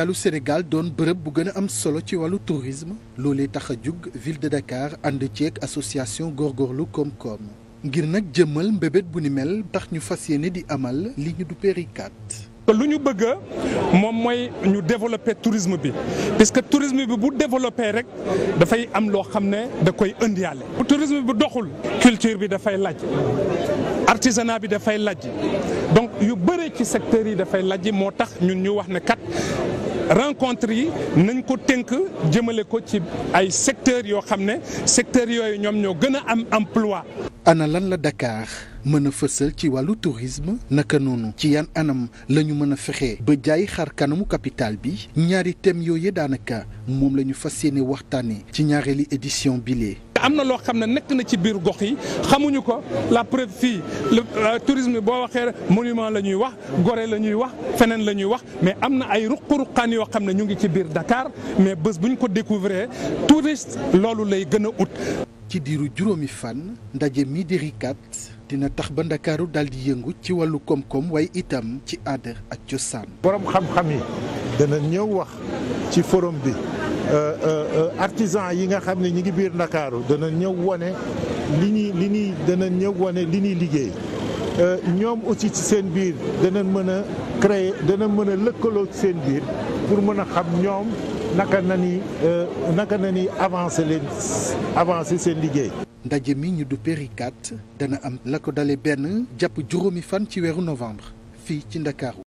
capitalu Sénégal doon bërëb bu gën a am solo ci wàllu tourisme loolee tax a jug ville de Dakar ànd ceeg association góorgóorlu koom-koom ngir nag jëmmal mbébét bu ni mel tax ñu fas yéene di amal li ñu du périkat lu ñu bëgg moom mooy ñu développer tourisme bi que tourisme bi bu développer rek dafay am loo xam ne da koy indiaale bu tourisme bi doxul culture bi dafay laaj artisanat bi dafay laaj donc yu bëre ci secteurs yi dafay laaj moo tax ñun ñu wax ne kat rencontre yi nañ ko tënk jëmale ko ci ay secteurs yoo xam ne secteurs yooyu ñoom ñoo gën a am emploi ana lan la dakaar mën a fësal ci wàllu tourisme naka noonu ci yan anam la ñu mën a fexe ba jaay xar kanamu capital bi ñaari thèmes yooyu daanaka moom la ñu fas yéene waxtaanee ci ñaareeli édition bile. am na loo xam ne nekk na ci biir gox yi xamuñu ko la preuve fii euh, tourisme boo waxee monument la ñuy wax gore la ñuy wax feneen la ñuy wax mais am na ay ruq-ruqaan yoo xam ne ñu ngi ci biir dakaar mais bés bu ñu ko découvrir touriste loolu lay gën a ut. ci diiru juróomi fan ndaje mi di dina tax ba ndakaaru daal di yëngu ci wàllu koom-koom waaye itam ci aada ak cosaan. borom xam-xam yi dana ñëw wax ci forom bi euh, euh, euh, artisan yi nga xam ne ñi ngi biir ndakaaru dana ñëw wane li ñuy li ñuy dana ñëw wane li ñuy liggéey ñoom aussi ci seen biir dana mën a créer dana mën a lëkkaloo ci seen biir. pour mën a xam ñoom naka na ni euh, naka na ni avancer leen avancé seen liggéey. ndaje mi ñu du périkat dana am la ko dale benn jàpp juróomi fan ci weeru novembre fii ci Ndakaaru